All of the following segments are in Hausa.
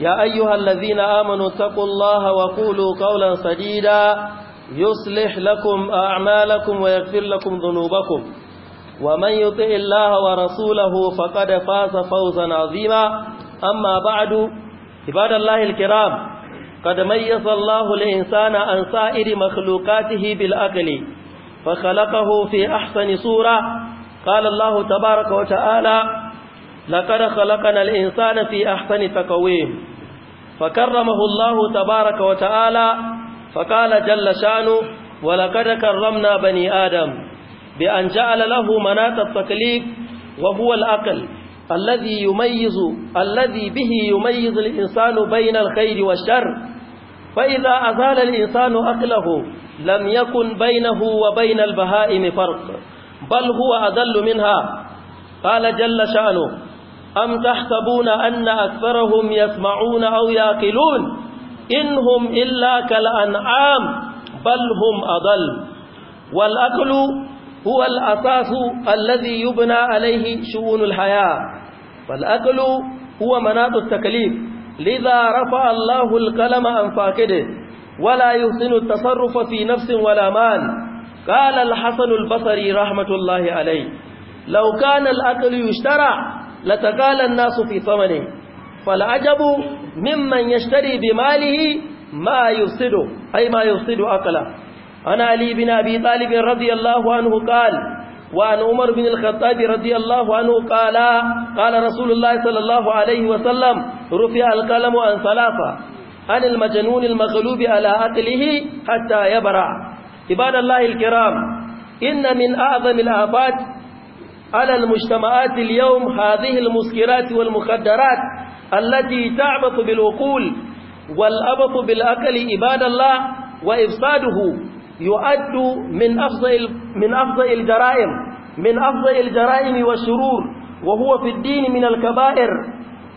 يا أيها الذين آمنوا اتقوا الله وقولوا قولا سديدا يصلح لكم أعمالكم ويغفر لكم ذنوبكم ومن يطع الله ورسوله فقد فاز فوزا عظيما أما بعد عباد الله الكرام قد ميز الله الإنسان عن سائر مخلوقاته بالأقل فخلقه في أحسن صورة قال الله تبارك وتعالى لقد خلقنا الإنسان في أحسن تقويم فكرمه الله تبارك وتعالى فقال جل شانه ولقد كرمنا بني آدم بأن جعل له مناة التكليف وهو الأقل الذي يميز الذي به يميز الإنسان بين الخير والشر فإذا أزال الإنسان أقله لم يكن بينه وبين البهائم فرق بل هو أذل منها قال جل شأنه أم تحسبون أن أكثرهم يسمعون أو ياكلون إن هم إلا كالأنعام بل هم أضل والأكل هو الأساس الذي يبنى عليه شؤون الحياة والأكل هو مناط التكليف لذا رفع الله القلم عن فاقده ولا يحسن التصرف في نفس ولا مال قال الحسن البصري رحمة الله عليه لو كان الأكل يشترى لتقال الناس في ثمنه فالعجب ممن يشتري بماله ما يفسد أي ما يفسد أقله أنا علي بن أبي طالب رضي الله عنه قال وعن عمر بن الخطاب رضي الله عنه قال قال رسول الله صلى الله عليه وسلم رفع القلم عن ثلاثة عن المجنون المغلوب على عقله حتى يبرع عباد الله الكرام إن من أعظم الآفات على المجتمعات اليوم هذه المسكرات والمخدرات التي تعبط بالعقول والأبط بالأكل عباد الله وإفساده يؤد من أفضل من أفضل الجرائم من أفضل الجرائم والشرور وهو في الدين من الكبائر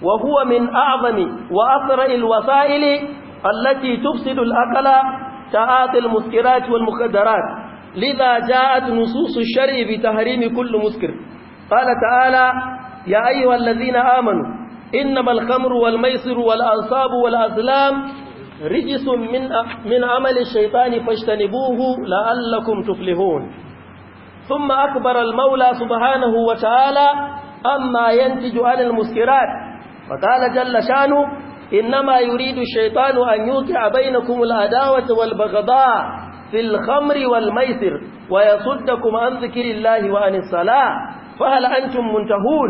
وهو من أعظم وأسرع الوسائل التي تفسد الأكل تعاطي المسكرات والمخدرات لذا جاءت نصوص الشرع بتحريم كل مسكر قال تعالى يا أيها الذين آمنوا إنما الخمر والميسر والأنصاب والأزلام رجس من من عمل الشيطان فاجتنبوه لعلكم تفلحون ثم أكبر المولى سبحانه وتعالى أما ينتج عن المسكرات فقال جل شانه إنما يريد الشيطان أن يوقع بينكم العداوة والبغضاء في الخمر والميسر ويصدكم عن ذكر الله وعن الصلاة فهل أنتم منتهون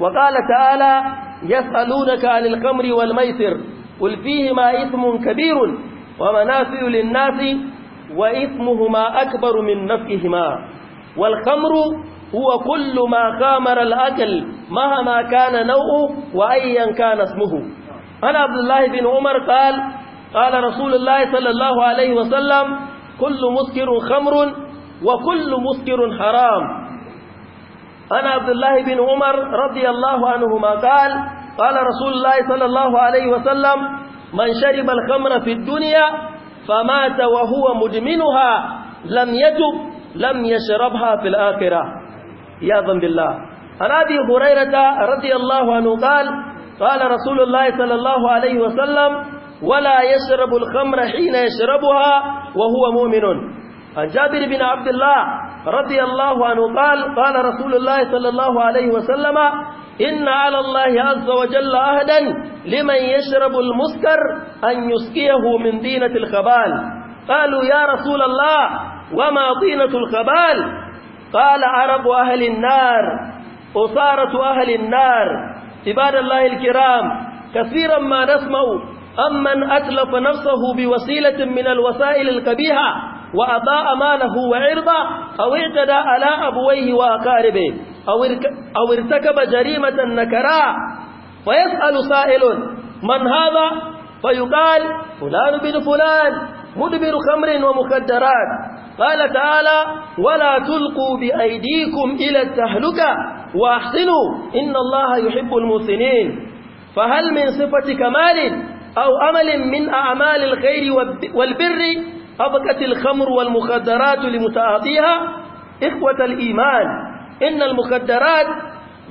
وقال تعالى يسألونك عن الخمر والميسر قل فيهما إثم كبير ومنافع للناس وإثمهما أكبر من نفعهما والخمر هو كل ما خامر الأكل مهما كان نوعه وأيا كان اسمه أنا عبد الله بن عمر قال قال رسول الله صلى الله عليه وسلم كل مسكر خمر وكل مسكر حرام أنا عبد الله بن عمر رضي الله عنهما قال قال رسول الله صلى الله عليه وسلم من شرب الخمر في الدنيا فمات وهو مدمنها لم يتب لم يشربها في الآخرة يا ذنب الله عن أبي هريرة رضي الله عنه قال قال رسول الله صلى الله عليه وسلم ولا يشرب الخمر حين يشربها وهو مؤمن عن جابر بن عبد الله رضي الله عنه قال قال رسول الله صلى الله عليه وسلم إن على الله عز وجل أهدا لمن يشرب المسكر أن يسقيه من دينة الخبال قالوا يا رسول الله وما طينة الخبال قال عرب أهل النار أصارة أهل النار عباد الله الكرام كثيرا ما نسمع أمن أتلف نفسه بوسيلة من الوسائل الكبيهة وأضاء ماله وعرضه أو اعتدى على أبويه وأقاربه أو ارتكب جريمة نكراء فيسأل سائل من هذا فيقال فلان بن فلان مدبر خمر ومخدرات قال تعالى ولا تلقوا بأيديكم إلى التهلكة وأحسنوا إن الله يحب المحسنين فهل من صفة كمال أو أمل من أعمال الخير والبر أبكت الخمر والمخدرات لمتعاطيها إخوة الإيمان إن المخدرات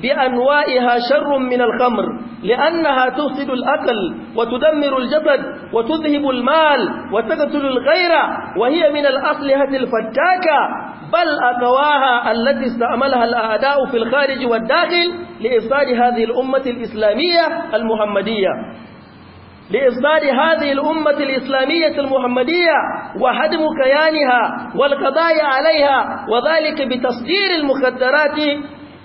بأنوائها شر من الخمر لأنها تفسد الأكل وتدمر الجسد وتذهب المال وتقتل الغيرة وهي من الأصلحة الفتاكة بل أقواها التي استعملها الأعداء في الخارج والداخل لإفساد هذه الأمة الإسلامية المحمدية لإصدار هذه الأمة الإسلامية المحمدية وهدم كيانها والقضاء عليها وذلك بتصدير المخدرات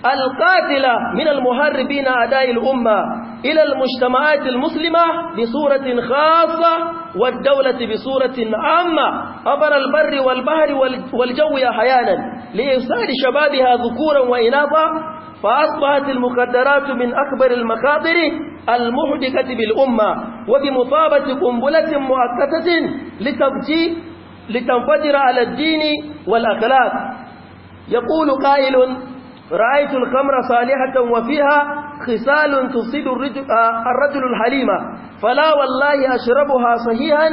القاتلة من المهربين أعداء الأمة إلى المجتمعات المسلمة بصورة خاصة والدولة بصورة عامة عبر البر والبحر والجو أحيانا لإفساد شبابها ذكورا وإناثا فأصبحت المخدرات من أكبر المخاطر المهدكة بالأمة وبمصابة قنبلة مؤقتة لتفجير لتنفجر على الدين والأخلاق يقول قائل رأيت الخمر صالحة وفيها خصال تصيد الرجل الحليمة فلا والله أشربها صحيحا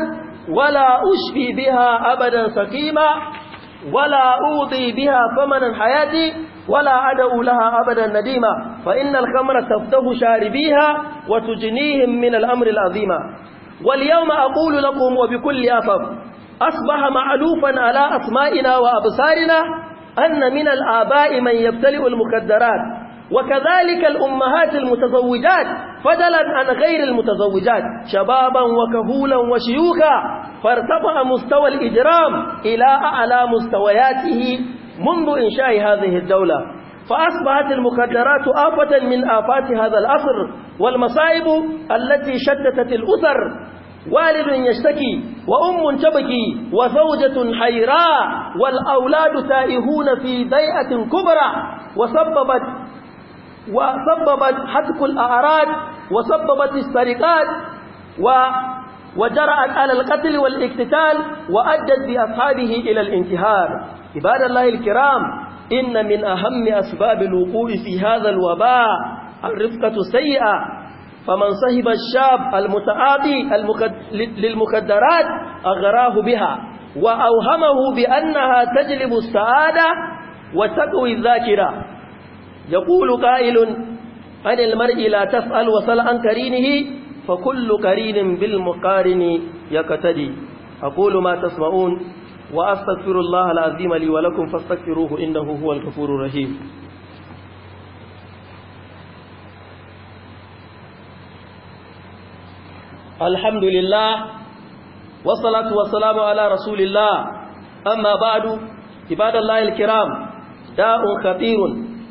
ولا أشفي بها أبدا سقيما ولا أوضي بها ثمنا حياتي ولا أدعو لها أبدا نديما فإن الخمر تفتح شاربيها وتجنيهم من الأمر العظيم واليوم أقول لكم وبكل أسف أصبح معلوفا على أسمائنا وأبصارنا أن من الآباء من يبتلئ المخدرات وكذلك الأمهات المتزوجات فضلا عن غير المتزوجات شبابا وكهولا وشيوخا فارتفع مستوى الإجرام إلى أعلى مستوياته منذ إنشاء هذه الدولة فأصبحت المخدرات آفة من آفات هذا العصر والمصائب التي شتتت الأسر والد يشتكي وأم تبكي وزوجة حيراء والأولاد تائهون في ضيئة كبرى وسببت وسببت حتك الأعراض وسببت السرقات و وجرأت على القتل والاقتتال وأدت بأصحابه إلى الانتهار عباد الله الكرام إن من أهم أسباب الوقوع في هذا الوباء الرفقة السيئة فمن صهب الشاب المتعاطي للمخدرات أغراه بها وأوهمه بأنها تجلب السعادة وتقوي الذاكرة يقول قائل عن المرء لا تسأل وصل عن كرينه فكل كرين بالمقارن يقتدي أقول ما تسمعون وأستغفر الله العظيم لي ولكم فاستغفروه إنه هو الغفور الرحيم الحمد لله والصلاة والسلام على رسول الله أما بعد عباد الله الكرام داء خطير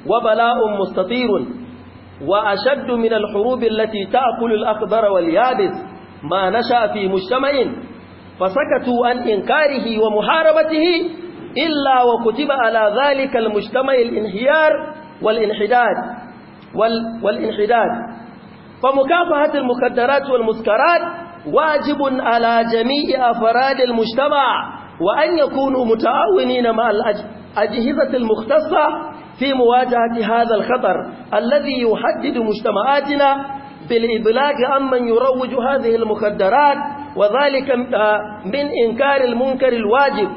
وبلاء مستطير وأشد من الحروب التي تأكل الأخضر واليابس ما نشأ في مجتمع فسكتوا عن إنكاره ومحاربته إلا وكتب على ذلك المجتمع الانهيار والانحداد وال والانحداد فمكافحة المخدرات والمسكرات واجب على جميع أفراد المجتمع وأن يكونوا متعاونين مع الأجهزة المختصة في مواجهة هذا الخطر الذي يحدد مجتمعاتنا بالإبلاغ عن من يروج هذه المخدرات وذلك آه، من إنكار المنكر الواجب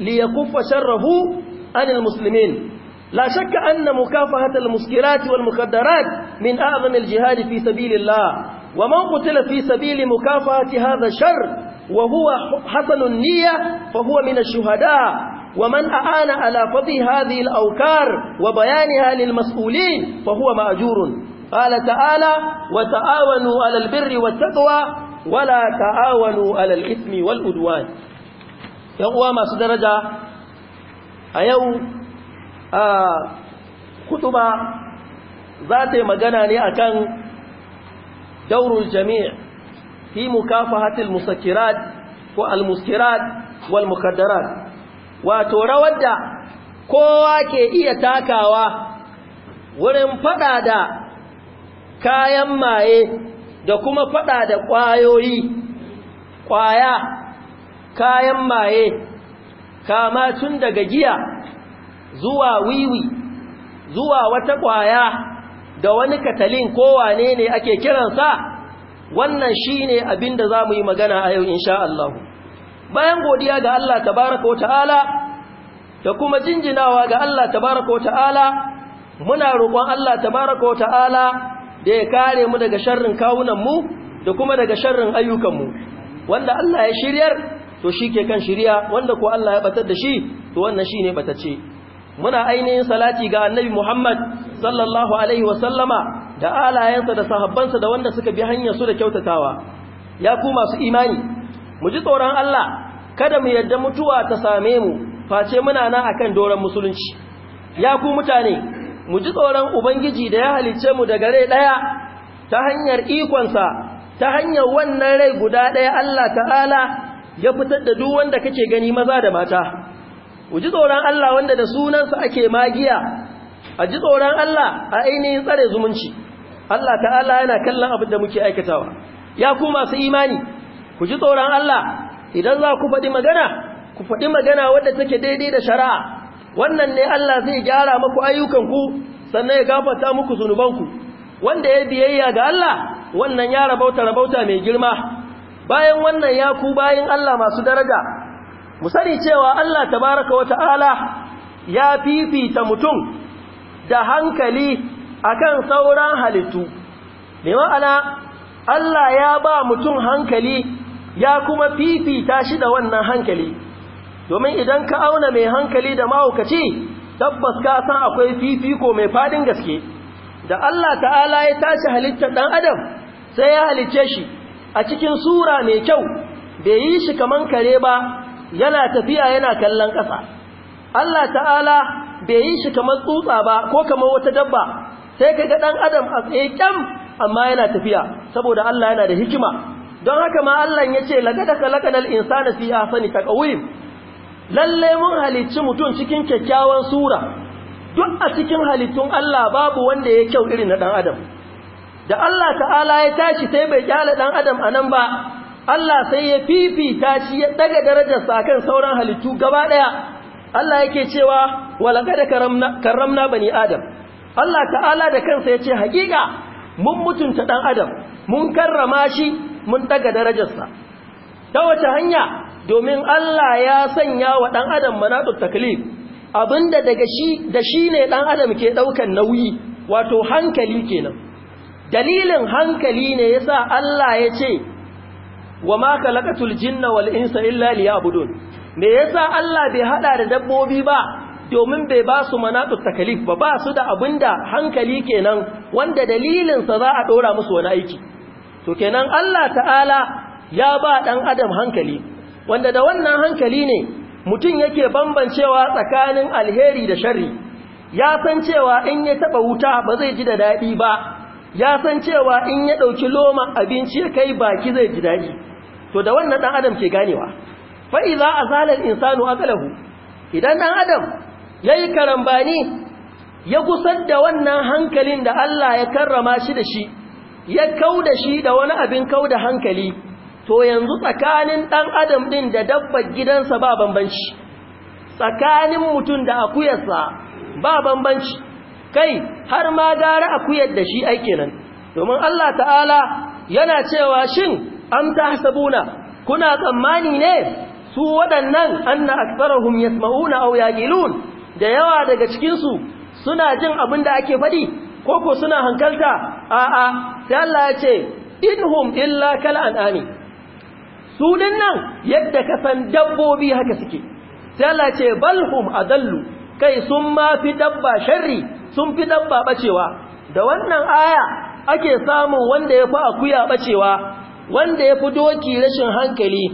ليكف شره عن المسلمين لا شك أن مكافحة المسكرات والمخدرات من أعظم الجهاد في سبيل الله ومن قتل في سبيل مكافحة هذا الشر وهو حسن النية فهو من الشهداء ومن أعان على فضي هذه الأوكار وبيانها للمسؤولين فهو مأجور قال تعالى وتعاونوا على البر والتقوى wala ta'awanu alal ismi wal udwan yan uwa masu daraja a yau a kutuba za ta yi magana ne akan daurul jami' fi mukafahatil musakkirat ko almuskirat wal mukaddarat wato rawar da kowa ke iya takawa wurin fada da kayan maye da kuma fada da ƙwayoyi ƙwaya kayan maye kama tun daga giya zuwa wiwi zuwa wata ƙwaya da wani katalin kowane ne ake kiransa wannan shi ne abin da za mu yi magana a yau insha Allah bayan godiya ga Allah tabaraka wa ta'ala da kuma jinjinawa ga Allah tabaraka wa ta'ala muna roƙon Allah tabaraka wa ta'ala da ya kare mu daga sharrin kawunan mu da kuma daga sharrin ayyukan mu. wanda Allah ya shiryar to shi ke kan shirya wanda ko Allah ya batar da shi to wannan shi ne batacce muna ainihin salati ga annabi Muhammad sallallahu alaihi sallama da alayensa da sahabbansa da wanda suka bi hanyar su da kyautatawa ya ku masu imani mu ji tsoron Allah kada mu yadda mutuwa ta same mu face muna nan akan doron musulunci ya ku mutane mu ji tsoron ubangiji da ya halice mu daga rai ɗaya ta hanyar ikonsa ta hanyar wannan rai guda ɗaya Allah ta'ala ya fitar da duk wanda kake gani maza da mata mu ji tsoron Allah wanda da sunansa ake magiya a ji tsoron Allah a ainihin tsare zumunci Allah ta'ala yana kallon abin da muke aikatawa ya ku masu imani ku ji tsoron Allah idan za ku faɗi magana ku faɗi magana wadda take daidai da shari'a wannan ne Allah zai gyara muku ayyukanku sannan ya gafarta muku zunubanku wanda ya biyayya ga Allah wannan ya rabauta rabauta mai girma bayan wannan ya ku bayin Allah masu daraja mu sani cewa Allah tabaraka wata'ala ya fifita mutum da hankali akan sauran halittu bi ma'ana Allah ya ba mutum hankali ya kuma fifita shi da wannan hankali domin idan ka auna mai hankali da mahaukaci tabbas ka san akwai fifiko mai fadin gaske da Allah ta'ala ya tashi halittar ɗan adam sai ya halicce shi a cikin sura mai kyau bai yi shi kamar kare ba yana tafiya yana kallon ƙasa Allah ta'ala bai yi shi kamar tsutsa ba ko kamar wata dabba sai ka ga ɗan adam a tsaye kyam amma yana tafiya saboda Allah yana da hikima don haka ma Allah ya ce laqad khalaqnal insana fi ahsani taqwim lalle mun halicci mutum cikin kyakkyawan sura duk a cikin halittun Allah babu wanda ya kyau irin na dan adam da Allah ta'ala ya tashi sai bai kyale ɗan adam anan ba Allah sai ya fifita shi ya daga darajarsa kan sauran halittu gaba ɗaya. Allah yake cewa walaqad karamna karramna bani adam Allah ta'ala da kansa ya ce hakika mun mutunta ɗan adam mun karrama shi mun daga darajarsa ta wace hanya domin Allah ya sanya wa ɗan adam manatu taklif abinda daga shi da shi ne ɗan adam ke ɗaukan nauyi wato hankali kenan dalilin hankali ne ya sa Allah ya ce wa ma ka khalaqatul jinna wal insa illa liya'budun me yasa Allah bai hada da dabbobi ba domin bai ba su manatu takalif ba ba su da abinda hankali kenan wanda dalilinsa za a ɗora musu wani aiki to kenan Allah ta'ala ya ba ɗan adam hankali wanda da wannan hankali ne mutum yake bambancewa tsakanin alheri da shari, ya san cewa in ya taba wuta ba zai ji da daɗi ba ya san cewa in ya ɗauki loma abinci ya kai baki zai ji daɗi to da wannan ɗan adam ke ganewa fa'iza a zalar insanu akalahu idan ɗan adam ya yi karambani ya gusar da wannan hankalin da Allah ya karrama shi da shi ya kau da shi da wani abin kau da hankali to yanzu tsakanin ɗan adam ɗin da dabbar gidansa ba bambanci tsakanin mutum da akuyarsa ba bambanci kai har ma gara akuyar da shi aiki nan domin Allah ta'ala yana cewa shin am tahsabuna kuna tsammani ne su waɗannan anna aktharuhum yasma'una aw yaqilun da yawa daga cikin su suna jin abin da ake faɗi ko ko suna hankalta a'a sai Allah ya ce inhum illa kal an'ami sunan nan yadda ka san dabbobi haka suke sai Allah ce balhum adallu kai sun ma fi dabba sharri sun fi dabba bacewa da wannan aya ake samu wanda ya fi akuya bacewa wanda ya fi doki rashin hankali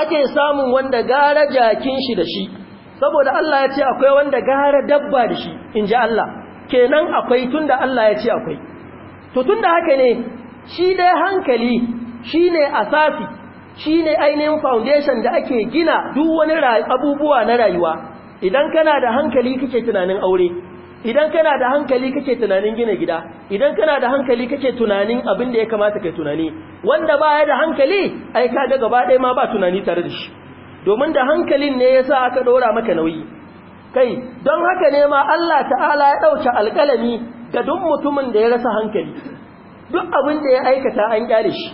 ake samun wanda gara jakin shi da shi saboda Allah ya ce akwai wanda gara dabba da shi in ji Allah kenan akwai tunda Allah ya ce akwai to tunda haka ne shi dai hankali shi ne asasi shi ne ainihin foundation da ake gina duk wani abubuwa na rayuwa idan kana da hankali kake tunanin aure idan kana da hankali kake tunanin gina gida idan kana da hankali kake tunanin abin da ya kamata kai tunani wanda baya da hankali ai kaga gaba ɗaya ma ba tunani tare da shi domin da hankalin ne yasa aka dora maka nauyi kai don haka ne ma Allah ta'ala ya dauke alƙalami ga duk mutumin da ya rasa hankali duk abin da ya aikata an kyale shi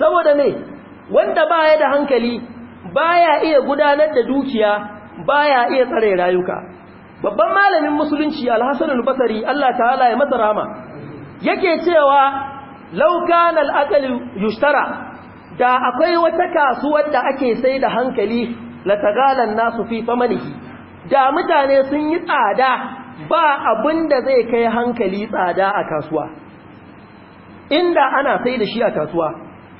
saboda ne wanda ba ya da hankali baya iya gudanar da dukiya baya iya tsare rayuka babban malamin musulunci alhassan al-basri Allah ta'ala ya masa rama yake cewa law kana al-aql yushtara da akwai wata kasuwar da ake sai da hankali la tagalan nasu fi famanihi da mutane sun yi tsada ba abin da zai kai hankali tsada a kasuwa inda ana sai da shi a kasuwa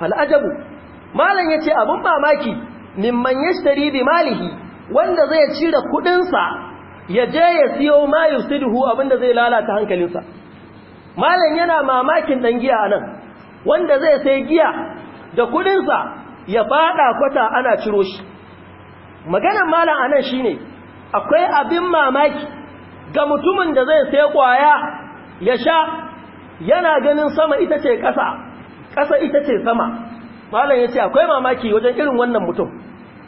al'ajabu malam ce abin mamaki mimman yashtari bi malihi wanda zai cire kudin sa ya je ya siyo ma abin abinda zai lalata hankalinsa malam yana mamakin dan giya anan wanda zai sai giya da kudin ya fada kwata ana ciro shi maganar malam anan shine akwai abin mamaki ga mutumin da zai sai kwaya ya sha yana ganin sama ita ce ƙasa ƙasa ita ce sama malam ya ce akwai mamaki wajen irin wannan mutum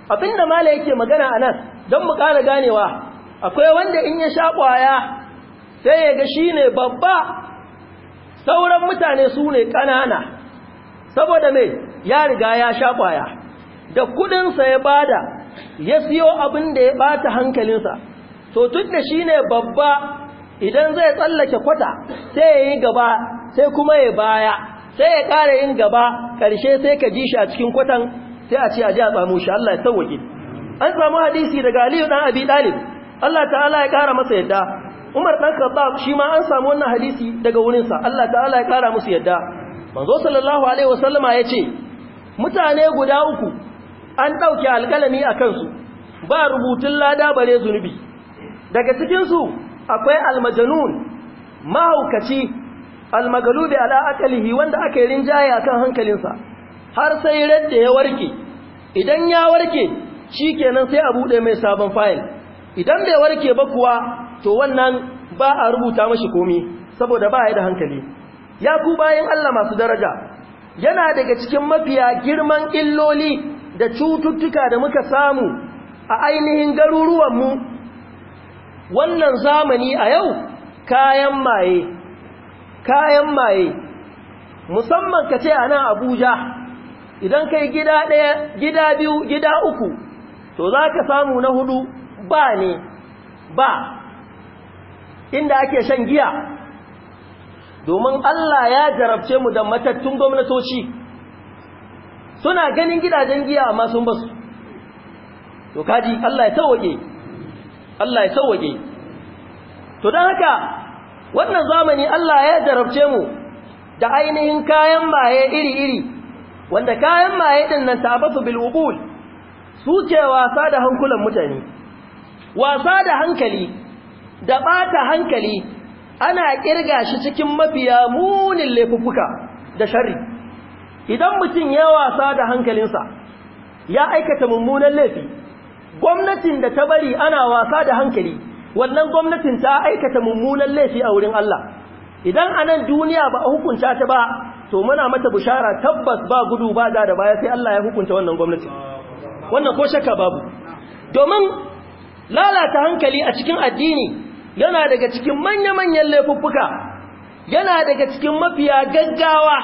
abinda malam yake magana a nan don mu ganewa akwai wanda in ya sha kwaya sai ya ga shi ne babba sauran mutane su ne ƙanana saboda mai ya riga ya sha kwaya da kuɗinsa ya bada ya siyo abin da ya ɓata hankalinsa to tun da shi ne babba idan zai tsallake kwata sai ya yi gaba sai kuma ya baya sai ya ƙara yin gaba ƙarshe sai ka ji shi a cikin kwatan sai a ce a ji a tsamu shi Allah ya sauwake an samu hadisi daga Aliyu dan Abi Talib Allah ta'ala ya ƙara masa yadda Umar ɗan Khattab shi ma an samu wannan hadisi daga wurin sa Allah ta'ala ya ƙara musu yadda manzo sallallahu alaihi wasallama yace mutane guda uku an dauke alƙalami a kansu ba rubutun lada bare zunubi daga cikin su akwai almajanun mahaukaci almagalubi ala akalihi wanda aka yi rinjaye akan hankalinsa har sai radda ya warke idan ya warke shi kenan sai a bude mai sabon fayil idan bai warke ba kuwa to wannan ba a rubuta mashi komai saboda ba ya da hankali ya ku bayan Allah masu daraja yana daga cikin mafiya girman illoli da cututtuka da muka samu a ainihin garuruwanmu wannan zamani a yau kayan maye kayan maye musamman ka ce a nan abuja idan kai gida ɗaya gida biyu gida uku to za ka samu na hudu ba ne ba inda ake shan giya domin allah ya jarabce mu da matattun gwamnatoci suna ganin gidajen giya amma sun basu to kaji allah ya tawage allah ya tawage to don haka wannan zamani Allah ya jarabce mu da ainihin kayan maye iri-iri wanda kayan maye din nan tabasu bil ubul suke wasa da hankulan mutane wasa da hankali da bata hankali ana kirga shi cikin mafiya munin laifuka da sharri idan mutum ya wasa da hankalinsa ya aikata mummunan laifi gwamnatin da ta bari ana wasa da hankali wannan gwamnatin ta aikata mummunan laifi a wurin Allah idan a nan duniya ba a hukunta ta ba to muna mata bishara tabbas ba gudu ba da da baya sai Allah ya hukunta wannan gwamnati wannan ko shakka babu domin lalata hankali a cikin addini yana daga cikin manya-manyan laifuffuka yana daga cikin mafiya gaggawa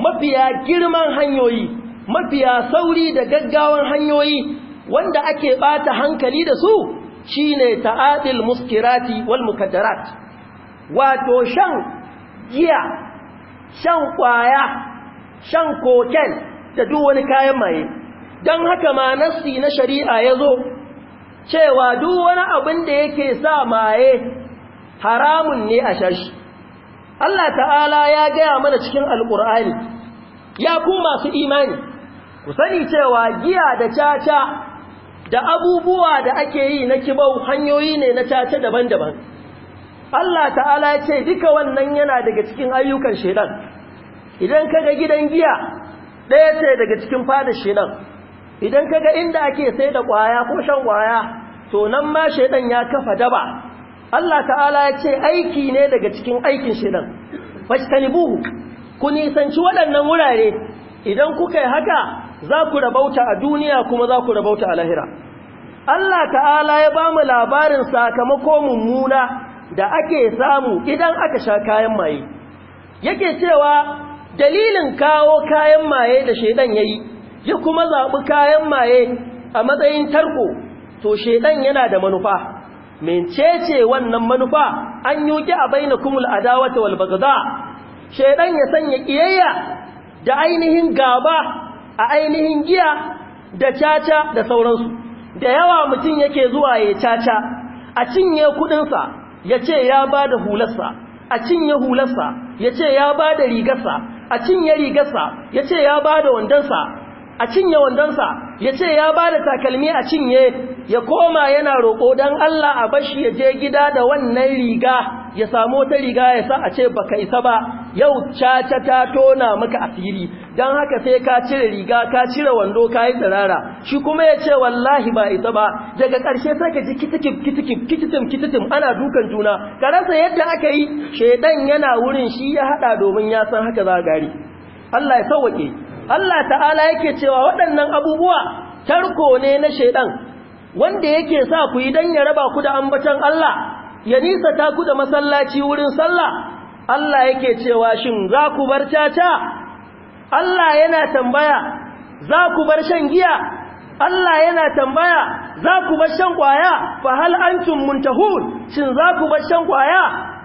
mafiya girman hanyoyi mafiya sauri da gaggawan hanyoyi wanda ake bata hankali da su shine ta'adil muskirati wal mukaddarat wato shan giya shan kwaya shan koken da duk wani kayan maye don haka ma nassi na shari'a yazo cewa duk wani abin da yake sa maye haramun ne a shashi Allah ta'ala ya gaya mana cikin alkur'ani ya ku masu imani ku sani cewa giya da caca da abubuwa da ake yi na kibau hanyoyi ne na caca daban-daban Allah ta'ala ya ce duka wannan yana daga cikin ayyukan shedan idan kaga gidan giya ɗaya ce daga cikin fada shedan idan kaga inda ake sai da ƙwaya ko shan ƙwaya to nan ma shedan ya kafa daba Allah ta'ala ya ce aiki ne daga cikin aikin shedan fastanibuhu ku nisanci waɗannan wurare idan kuka yi haka za ku rabauta a duniya kuma za ku rabauta a lahira Allah ta'ala ya ba mu labarin sakamako mummuna da ake samu idan aka sha kayan maye yake cewa dalilin kawo kayan maye da shaidan ya yi ya kuma zaɓi kayan maye a matsayin tarko to shaidan yana da manufa ce wannan manufa an wuki a kumul adawata wal bagdha Shaidan ya sanya kiyayya da ainihin gaba a ainihin giya da caca da sauransu da yawa mutum yake zuwa ya caca a cinye kudinsa ya ce ya ba da hularsa a cinye hularsa ya ce ya ba da rigarsa a cinye rigarsa ya ce ya ba da wandonsa a cinye wandonsa ya ce ya ba da takalmi a cinye ya koma yana roƙo don Allah a bashi ya je gida da wannan riga ya samu ta riga ya sa a ce baka isa ba yau caca ta tona maka asiri don haka sai ka cire riga ka cire wando ka yi tsirara shi kuma ya ce wallahi ba ita ba daga ƙarshe sai ka ji kitikim kitikim kititim kititim ana dukan juna ka rasa yadda aka yi shaidan yana wurin shi ya haɗa domin ya san haka za gari Allah ya sauwaƙe Allah ta'ala yake cewa waɗannan abubuwa tarko ne na shaidan wanda yake sa ku yi dan ya raba ku da ambaton Allah ya nisa ta ku da masallaci wurin sallah Allah yake cewa shin za ku bar caca Allah yana tambaya za ku bar shan giya Allah yana tambaya za ku bar shan kwaya fa hal antum muntahun shin za ku bar shan kwaya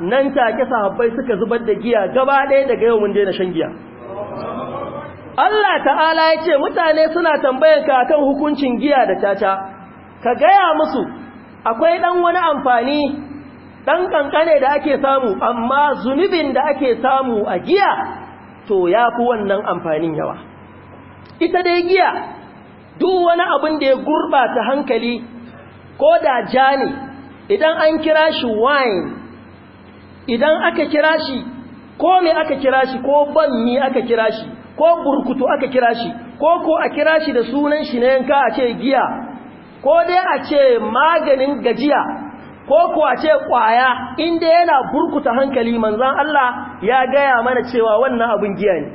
nan take sahabbai suka zubar da giya gaba ɗaya daga yau mun daina shan giya Allah ta'ala ya ce mutane suna ka akan hukuncin giya da caca ka gaya musu akwai ɗan wani amfani ɗan ƙanƙane da ake samu amma zunubin da ake samu a giya to ya fi wannan amfanin yawa ita dai giya duk wani abin da ya gurɓata hankali ko da ja ne idan an kira shi wine idan aka kira shi ko me aka kira shi ko banmi aka kira shi ko burkutu aka kira shi ko ko a kira shi da sunan shi na yanka a ce giya ko dai a ce maganin gajiya ko kuwa ce kwaya inda yana burkuta hankali manzan Allah ya gaya mana cewa wannan abin giya ne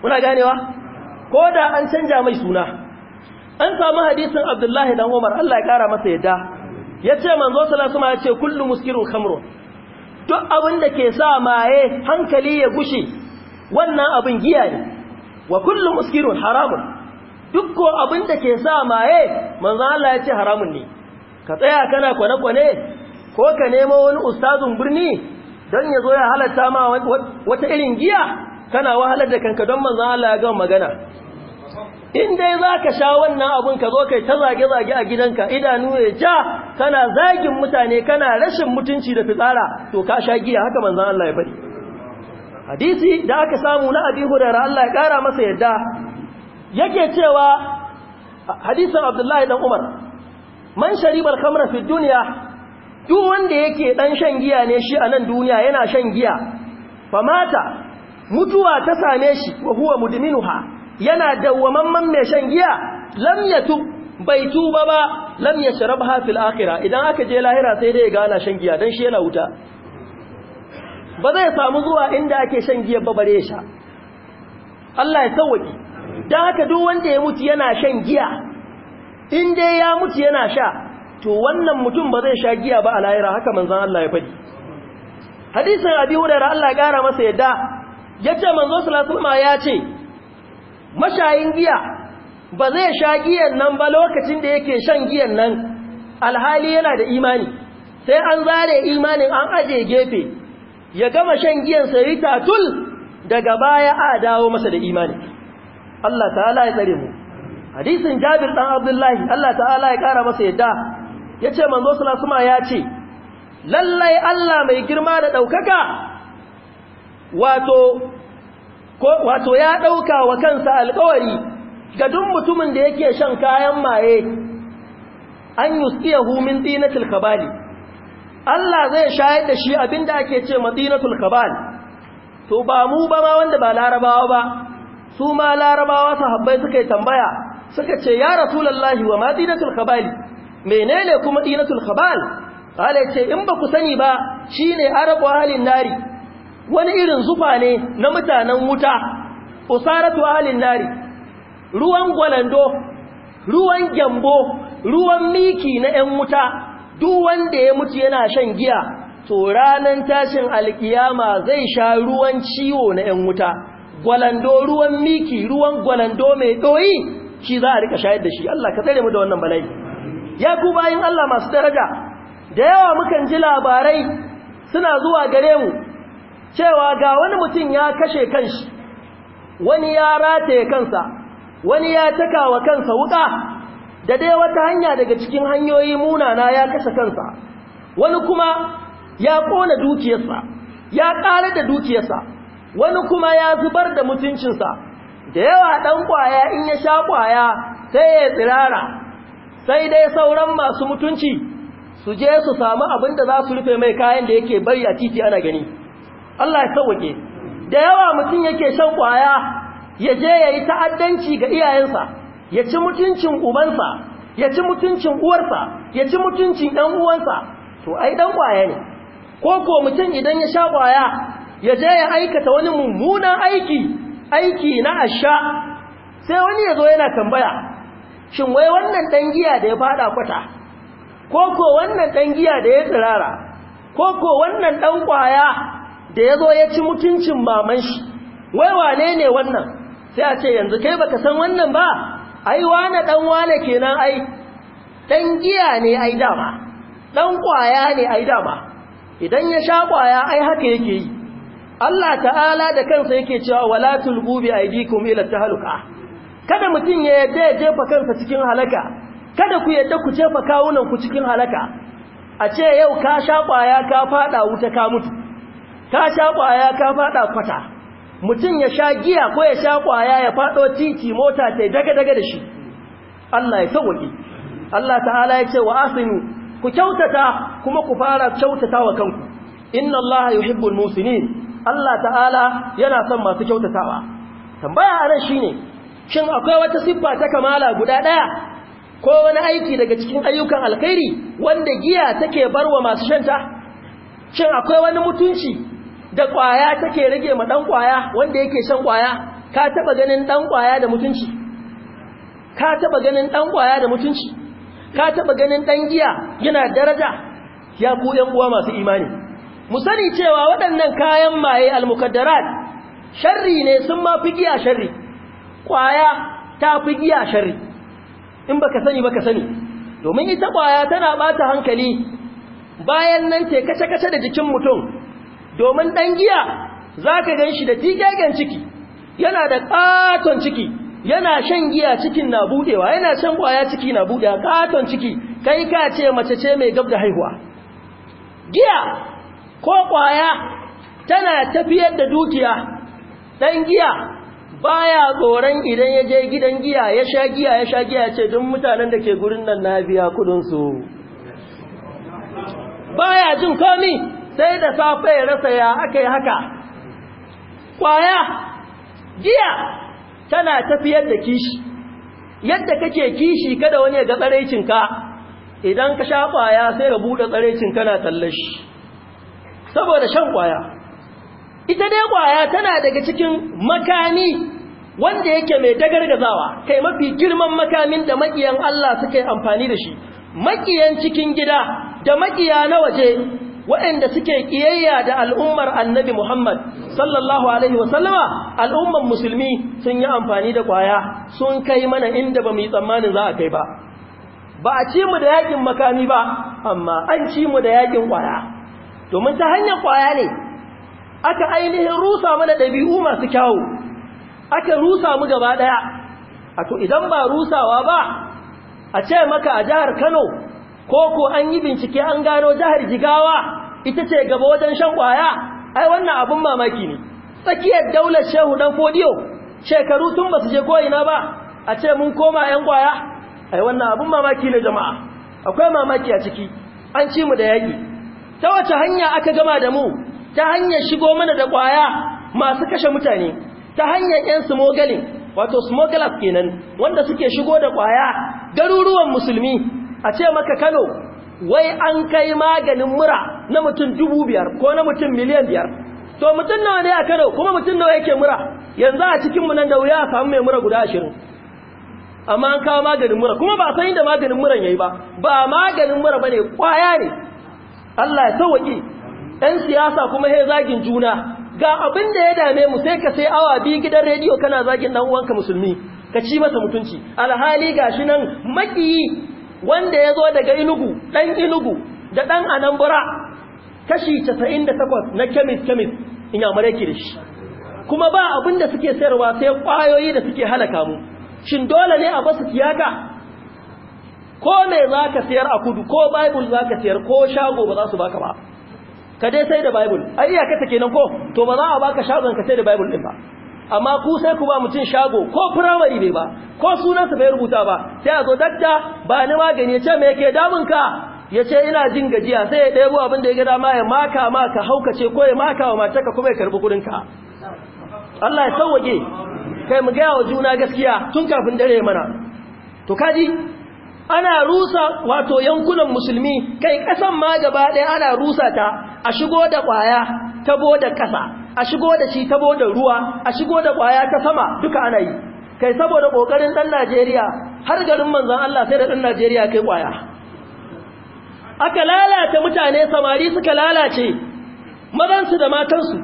kuna ganewa ko da an canja mai suna an samu hadisin abdullahi dan umar Allah ya kara masa yadda ya ce manzo salasuma ya ce kullum muskirun khamrun duk abin da ke sa maye hankali ya gushe wannan abin giya ne wa kullum muskirun haramun duk ko abin da ke sa maye manzan Allah ya ce haramun ne ka tsaya kana kwane-kwane ko ka nemo wani ustazun birni don ya zo ya halatta ma wata irin giya kana wahalar da kanka don manzan Allah ya gama magana in dai za ka sha wannan abun ka zo kai ta zage-zage a gidanka idanu ya ja kana zagin mutane kana rashin mutunci da fitsara to ka sha giya haka manzan Allah ya bari hadisi da aka samu na abi hurairar Allah ya kara masa yadda yake cewa hadisin abdullahi dan umar man sharibar khamra fi duk wanda yake dan shan giya ne shi a nan duniya yana shan giya famata mutuwa ta same shi wa huwa mudminuha yana dawwamamman mai shan giya lam yatub bai tuba ba lam yashrabha fil akhirah idan aka je lahira sai dai ya gana shan giya dan shi yana wuta ba zai samu zuwa inda ake shan giya ba bare sha Allah ya sauwaki dan haka duk wanda ya mutu yana shan giya in dai ya mutu yana sha to wannan mutum ba zai sha giya ba a lahira haka manzon Allah ya faɗi hadisin abi hurairah Allah ya kara masa yadda ya ce sallallahu alaihi ya ce mashayin giya ba zai sha giyan nan ba lokacin da yake shan giyan nan alhali yana da imani sai an zare imanin an aje gefe ya gama shan giyan sai ritatul daga baya a dawo masa da imani Allah ta'ala ya tsare mu hadisin jabir dan abdullahi Allah ta'ala ya kara masa yadda yace manzo sallallahu ya ce lallai Allah mai girma da ɗaukaka? wato ya dauka wa kansa alkawari ga duk mutumin da yake shan kayan maye an yusqiyahu min dinatul kabali Allah zai shayar da shi abinda ake ce madinatul kabal to ba mu ba ma wanda ba larabawa ba su ma larabawa sahabbai suka yi tambaya suka ce ya rasulullahi wa madinatul khabali menene kuma dinatul khabal kale ce in ba ku sani ba shine arabu halin nari wani irin zufa ne na mutanen wuta usaratu halin nari ruwan gwalando ruwan gyambo ruwan miki na 'yan wuta duk wanda ya mutu yana shan giya to ranan tashin alkiyama zai sha ruwan ciwo na 'yan wuta gwalando ruwan miki ruwan gwalando mai ɗoyi shi za a rika shayar da shi Allah ka tsere mu da wannan bala'i ya ku bayin Allah masu daraja da yawa mukan ji labarai suna zuwa gare mu cewa ga wani mutum ya kashe kanshi wani ya rataye kansa wani ya taka wa kansa wuka da dai wata hanya daga cikin hanyoyi munana ya kashe kansa wani kuma ya kona dukiyarsa ya ƙara da dukiyarsa wani kuma ya zubar da mutuncinsa da yawa ɗan ƙwaya in ya sha ƙwaya sai ya tsirara sai dai sauran masu mutunci su je su samu abin da za su rufe mai kayan da yake bari a titi ana gani Allah ya sauwake da yawa mutum yake shan ƙwaya ya je ya yi ta'addanci ga iyayensa ya ci mutuncin ubansa ya ci mutuncin uwarsa ya ci mutuncin ɗan uwansa to ai ɗan ƙwaya ne ko ko mutum idan ya sha ƙwaya ya je ya aikata wani mummunan aiki aiki na asha sai wani ya zo yana tambaya shin wai wannan ɗan giya da ya fada kwata ko ko wannan ɗan giya da ya tsirara ko ko wannan ɗan ƙwaya da ya zo ya ci mutuncin maman shi wai wane ne wannan sai a ce yanzu kai baka san wannan ba ai wane ɗan wane kenan ai ɗan giya ne ai dama ɗan ƙwaya ne ai dama idan ya sha kwaya ai haka yake yi Allah ta'ala da kansa yake cewa wala tulbu bi aidikum ila tahluka kada mutum ya yadda ya jefa kansa cikin halaka kada ku yadda ku jefa kawunan ku cikin halaka a ce yau ka sha kwaya ka fada wuta ka mutu ka sha kwaya ka fada kwata mutum ya sha giya ko ya sha kwaya ya fado titi mota ta daga daga da shi Allah ya sauke Allah ta'ala ya ce wa asinu ku kyautata kuma ku fara kyautata wa kanku inna Allah yuhibbul musinin Allah ta'ala yana son masu kyautatawa tambaya a nan shine shin akwai wata siffa ta kamala guda daya ko wani aiki daga cikin ayyukan alkhairi wanda giya take barwa masu shanta shin akwai wani mutunci da kwaya take rage ma dan kwaya wanda yake shan kwaya ka taba ganin dan kwaya da mutunci ka taba ganin dan kwaya da mutunci ka taba ganin dan giya yana daraja ya ku yan uwa masu imani mu sani cewa waɗannan kayan maye al almukaddarat sharri ne sun ma fi giya sharri kwaya ta fi giya sharri in baka sani baka sani domin ita kwaya tana bata hankali bayan nan ce kace-kace da jikin mutum domin ɗan giya zaka shi da tigagen ciki yana da katon ciki yana shan giya cikin na budewa yana shan kwaya ciki na budewa katon ciki kai ka ce mace ce mai gab da haihuwa giya ko ƙwaya tana tafiyar da dukiya ɗan giya baya tsoron idan ya je gidan giya ya sha giya ya sha giya ce don mutanen da ke gurin nan na biya kudinsu baya jin komi sai da safe ya rasa ya aka yi haka ƙwaya giya tana tafiyar da kishi yadda kake kishi kada wani ya ga tsaraicinka idan ka sha ƙwaya sai ka buɗe tsaraicin kana tallashi saboda shan kwaya ita dai kwaya tana daga cikin makami wanda yake mai dagargazawa kai mafi girman makamin da makiyan Allah suke amfani da shi makiyan cikin gida da makiya na waje waɗanda suke kiyayya da al'ummar annabi Muhammad sallallahu alaihi wasallama al'ummar musulmi sun yi amfani da kwaya sun kai mana inda ba mu yi tsammanin za a kai ba ba a ci mu da yaƙin makami ba amma an ci mu da yakin kwaya domin ta hanyar kwaya ne aka ainihin rusa mana ɗabi'u masu kyawu aka rusa mu gaba ɗaya a to idan ba rusawa ba a ce maka a jihar kano ko ko an yi bincike an gano jihar jigawa ita ce gaba wajen shan kwaya ai wannan abin mamaki ne tsakiyar daular shehu dan fodiyo shekaru tun ba su je ko'ina ba a ce mun koma 'yan kwaya ai wannan abin mamaki ne jama'a akwai mamaki a ciki an ci mu da yaki. ta wace hanya aka gama da mu ta hanyar shigo mana da kwaya masu kashe mutane ta hanyar yan Smogalin, wato smogalas kenan wanda suke shigo da kwaya garuruwan musulmi a ce maka Kano wai an kai maganin mura na mutum dubu biyar ko na mutum miliyan biyar to mutum nawa ne a Kano kuma mutum nawa yake mura yanzu a cikin nan da wuya a samu mai mura guda ashirin amma an kawo maganin mura kuma ba san inda maganin muran yayi ba ba maganin mura bane kwaya ne Allah ya sauwaƙi 'yan siyasa kuma he zagin juna ga abin da ya dame mu sai ka sai awa biyu gidan rediyo kana zagin ɗan uwanka musulmi ka ci masa mutunci alhali ga shi nan makiyi wanda ya zo daga inugu ɗan inugu da ɗan anambra kashi 98 na kemis kemis in mare ki da shi kuma ba abin da suke sayarwa sai kwayoyi da suke halaka mu shin dole ne a basu tiyaka ko me za ka siyar a kudu ko bible za ka siyar ko shago ba za su baka ba ka dai sai da bible ai iyaka take kenan ko to ba za a baka shago ka sai da bible din ba amma ku sai ku ba mutum shago ko primary ne ba ko sunansa bai rubuta ba sai a zo dakta ba ni magani ya ce me yake damunka ya ce ina jin gajiya sai ya ɗebo abin da ya gada ma ya maka ma ka haukace ko ya maka wa ka kuma ya karɓi kuɗinka Allah ya sauwaje kai mu gaya wa juna gaskiya tun kafin dare mana to kaji ana rusa wato yankunan musulmi kai kasan ma gaba ɗaya ana rusa ta a shigo da ƙwaya tabo da ƙasa a shigo da shi tabo da ruwa a shigo da ƙwaya ta sama duka ana yi kai saboda ƙoƙarin ɗan najeriya har garin manzan allah sai da ɗan najeriya kai ƙwaya aka lalata mutane samari suka lalace mazansu da matansu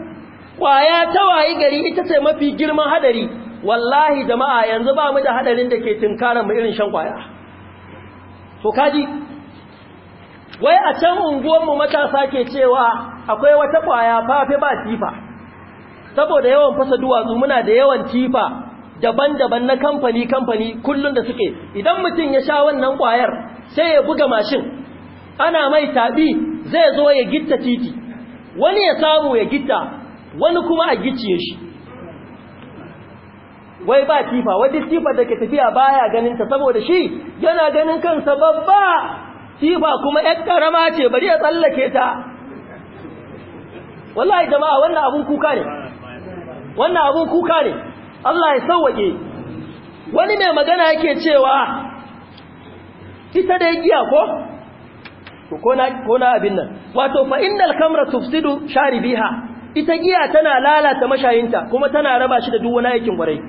ƙwaya ta wayi gari ita ce mafi girman hadari wallahi jama'a yanzu ba mu da hadarin da ke tunkarar mu irin shan ƙwaya to kaji wai a can unguwanmu matasa ke cewa akwai wata kwaya fafe ba tifa saboda yawan fasa duwatsu muna da yawan tifa daban-daban na kamfani-kamfani kullum da suke idan mutum ya sha wannan kwayar sai ya buga mashin ana mai tabi zai zo ya gitta titi wani ya samu ya gitta wani kuma a gicciye shi wai ba tifa wadda tifar da ke tafiya baya ganin ta saboda shi yana ganin kansa babba tifa kuma yar karama ce bari ya tsallake ta wallahi jama'a wannan abun kuka ne wannan abun kuka ne Allah ya sauwake wani mai magana yake cewa ita da giya ko ko na abin nan wato fa innal kamra tufsidu sharibiha ita giya tana lalata mashayinta kuma tana raba shi da duk wani aikin kwarai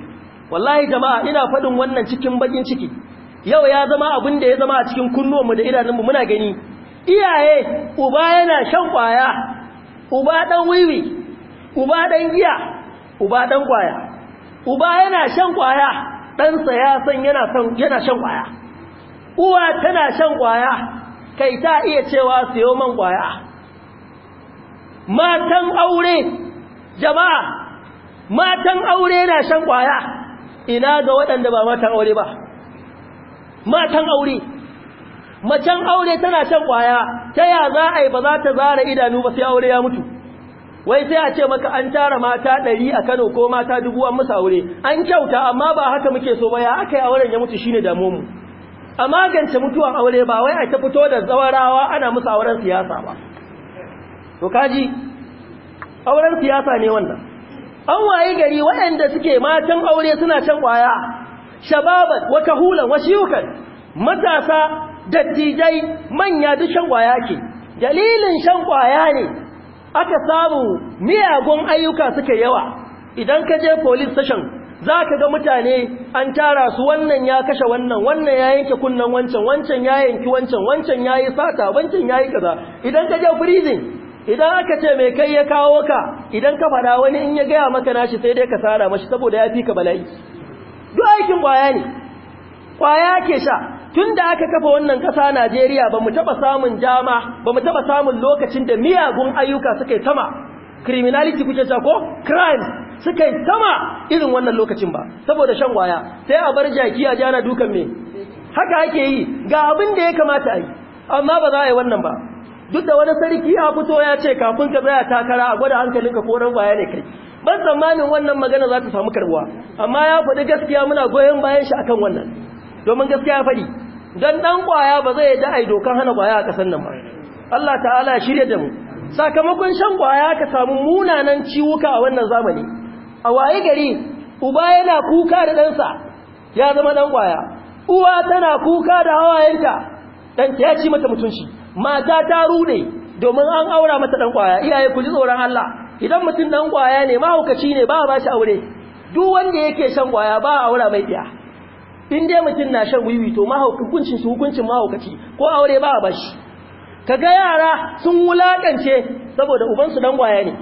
wallahi jama'a ina faɗin wannan cikin bakin ciki yau ya zama abin da ya zama a cikin kunnuwanmu da idanunmu muna gani iyaye uba yana shan kwaya uba dan wiwi uba dan giya uba dan kwaya uba yana shan kwaya ɗansa ya san yana san yana shan kwaya uwa tana shan kwaya kai ta iya cewa siyo man kwaya matan aure jama'a matan aure na shan kwaya ina ga waɗanda ba matan aure ba matan aure macen aure tana shan kwaya ta ya za a yi ba za ta zara idanu ba sai aure ya mutu wai sai a ce maka an tara mata ɗari a kano ko mata dubu an musu aure an kyauta amma ba haka muke so ba ya aka yi auren ya mutu shine damu mu a magance mutuwan aure ba wai a ta fito da zawarawa ana musu auren siyasa ba to kaji auren siyasa ne wannan an waye gari waɗanda suke matan aure suna can ƙwaya shababan wa kahulan wa shiyukan matasa dattijai manya duk shan ƙwaya ke dalilin shan ƙwaya ne aka samu miyagun ayyuka suka yawa idan ka je police station za ka ga mutane an tara su wannan ya kashe wannan wannan ya yanke kunnan wancan wancan ya yanki wancan wancan ya yi sata wancan ya yi kaza idan ka je prison idan aka ce mai kai ya kawo ka idan ka faɗa wani in ya gaya maka nashi sai dai ka tsara mashi saboda ya fi ka bala'i duk aikin ƙwaya ne ƙwaya ke sha tun da aka kafa wannan ƙasa Najeriya ba mu taɓa samun dama ba mu taɓa samun lokacin da miyagun ayyuka suka yi sama criminality kuke sha ko crime suka yi sama irin wannan lokacin ba saboda shan ƙwaya, sai a bar jaki a jana dukan me haka ake yi ga abin da ya kamata a yi amma ba za a yi wannan ba duk da wani sarki ya fito ya ce kafin ka tsaya takara a gwada hankalinka ko koran baya ne kai ban tsammanin wannan magana za ta samu karbuwa amma ya faɗi gaskiya muna goyon bayan shi akan wannan domin gaskiya ya faɗi don ɗan ƙwaya ba zai da ai dokan hana ƙwaya a ƙasar nan ba Allah ta'ala shirya da mu sakamakon shan ƙwaya ka samu munanan ciwuka a wannan zamani a waye gari uba yana kuka da ɗansa ya zama ɗan ƙwaya uwa tana kuka da hawayenta ɗanta ya ci mata mutunci mata ta ne domin an aura mata dan kwaya iyaye ku ji tsoron Allah idan mutum ɗan kwaya ne mahaukaci ne ba a ba shi aure duk wanda yake shan kwaya ba a aura mai biya in dai mutum na shan wiwi to hukuncin su hukuncin mahaukaci ko aure ba a ba shi ga yara sun wulakance saboda uban su dan kwaya ne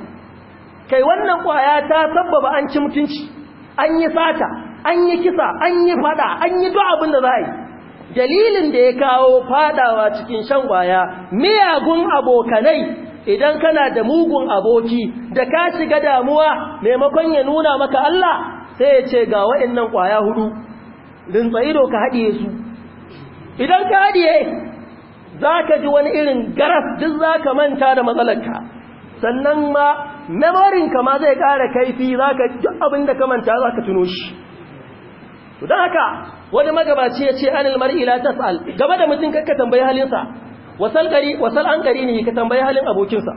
kai wannan kwaya ta sabbaba an ci mutunci an yi sata an yi kisa an yi fada an yi duk abin da za a yi dalilin da ya kawo fadawa cikin shan kwaya miyagun abokanai idan kana da mugun aboki da ka shiga damuwa maimakon ya nuna maka Allah sai ya ce ga waɗannan kwaya hudu rinsa ido ka haɗiye su idan ka haɗiye za ka ji wani irin garas duk za ka manta da matsalarka sannan ma memorinka ma zai ƙara kaifi za ka duk abin ka manta za ka tuno shi don haka wani magabaci ya ce anil mar'i la tas'al gaba da mutum kakka tambayi halinsa wasal qari wasal an qari ne ka tambayi halin abokinsa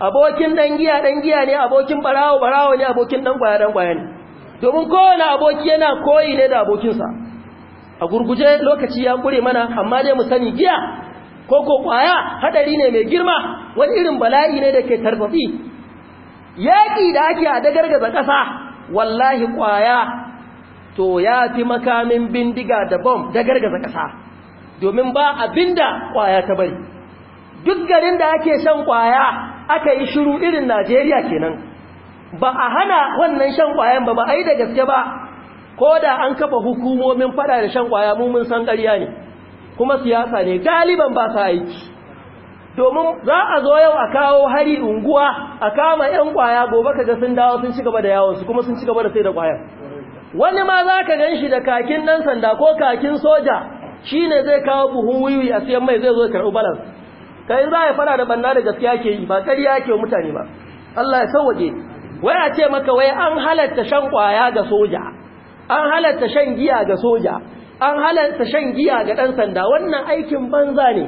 abokin dan giya dan giya ne abokin barawo barawo ne abokin dan kwaya dan kwaya ne domin kowane aboki yana koyi ne da abokinsa a gurguje lokaci ya kure mana amma dai mu sani giya ko ko kwaya hadari ne mai girma wani irin bala'i ne da ke tarfafi yaki da ake a dagargaza ƙasa wallahi kwaya to ya fi makamin bindiga da bom da gargaza ƙasa domin ba abinda ƙwaya ta bari duk garin da ake shan kwaya aka yi shiru irin najeriya kenan ba a hana wannan shan ƙwayan ba ba a yi da gaske ba ko da an kafa hukumomin fada da shan kwaya mun san ƙarya ne kuma siyasa ne galiban ba sa aiki domin za a zo yau a kawo hari unguwa a kama 'yan kwaya gobe ka ga sun dawo sun ci gaba da su kuma sun ci gaba da sai da kwayan wani ma za ka gan shi da kakin ɗan sanda ko kakin soja shi ne zai kawo buhun wiwi a siyan mai zai zo karɓi balance kai za a fara da banna da gaskiya ke yi ba ƙarya ke mutane ba Allah ya sauwaje wai a ce maka wai an halatta shan ƙwaya ga soja an halatta shan giya ga soja an halatta shan giya ga ɗan sanda wannan aikin banza ne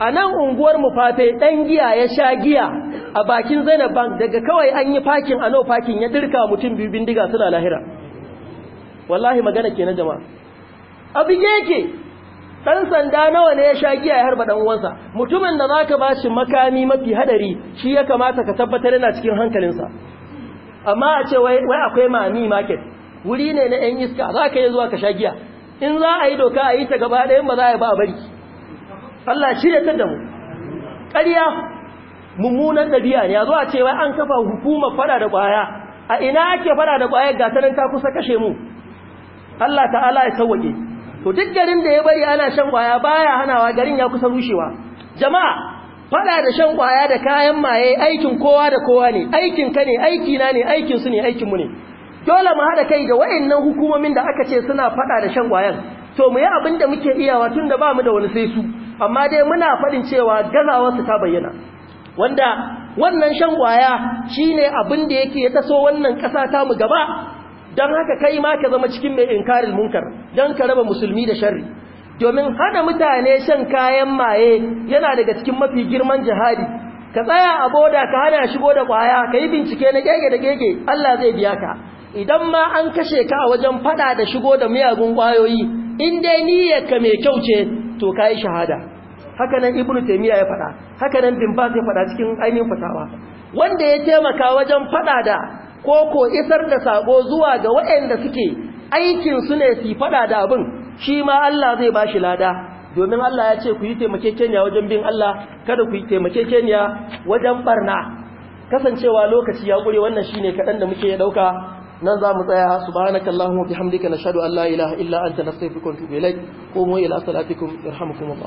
a nan unguwar mu fafe ɗan giya ya sha giya a bakin zainab bank daga kawai an yi fakin a nau fakin ya dirka mutum biyu bindiga suna lahira wallahi magana kenan jama'a abin yake dan sanda nawa ne ya sha giya ya harba dan uwansa mutumin da zaka ba shi makami mafi hadari shi ya kamata ka tabbatar yana cikin hankalinsa amma a ce wai akwai mami market wuri ne na yan iska zaka yi zuwa ka sha giya in za a yi doka a yi ta gaba ɗayan ba za a yi ba a bari Allah shirya ta da mu ƙarya mummunan ɗabi'a ne a zuwa ce wai an kafa hukumar fada da ƙwaya a ina ake fada da ƙwaya gatanin ta kusa kashe mu Allah ta'ala ya sauwake to duk garin da ya bari ana shan kwaya baya hanawa garin ya kusa rushewa jama'a fada da shan kwaya da kayan maye aikin kowa da kowa ne aikin ka ne aiki na ne aikin su ne aikin mu ne dole mu hada kai da wayannan hukumomin da aka ce suna fada da shan kwayan to mu yi abin muke iyawa tunda ba mu da wani sai su amma dai muna fadin cewa gazawar su ta bayyana wanda wannan shan kwaya shine abin da yake ya taso wannan kasa ta mu gaba don haka kai ma ka zama cikin mai inkarin munkar don ka raba musulmi da sharri domin hana mutane shan kayan maye yana daga cikin mafi girman jihadi ka tsaya a boda ka hana shigo da kwaya ka yi bincike na gege da gege Allah zai biya ka idan ma an kashe ka a wajen fada da shigo da miyagun kwayoyi in dai niyyarka mai kyau ce to ka yi shahada haka nan ibnu taymiya ya faɗa haka nan bin ba ya faɗa cikin ainihin fatawa wanda ya taimaka wajen faɗa da ko ko isar da sako zuwa ga waɗanda suke aikin su ne su faɗa da abin shi ma Allah zai ba shi lada domin Allah ya ce ku yi taimakekeniya wajen bin Allah kada ku yi taimakekeniya wajen barna kasancewa lokaci ya ƙure wannan shi ne kaɗan da muke ɗauka nan za mu tsaya su ba na kallon subhanakallahumma bihamdika nashhadu an la ilaha illa anta nastaghfiruka wa natubu ko qumu ila salatikum yarhamukumullah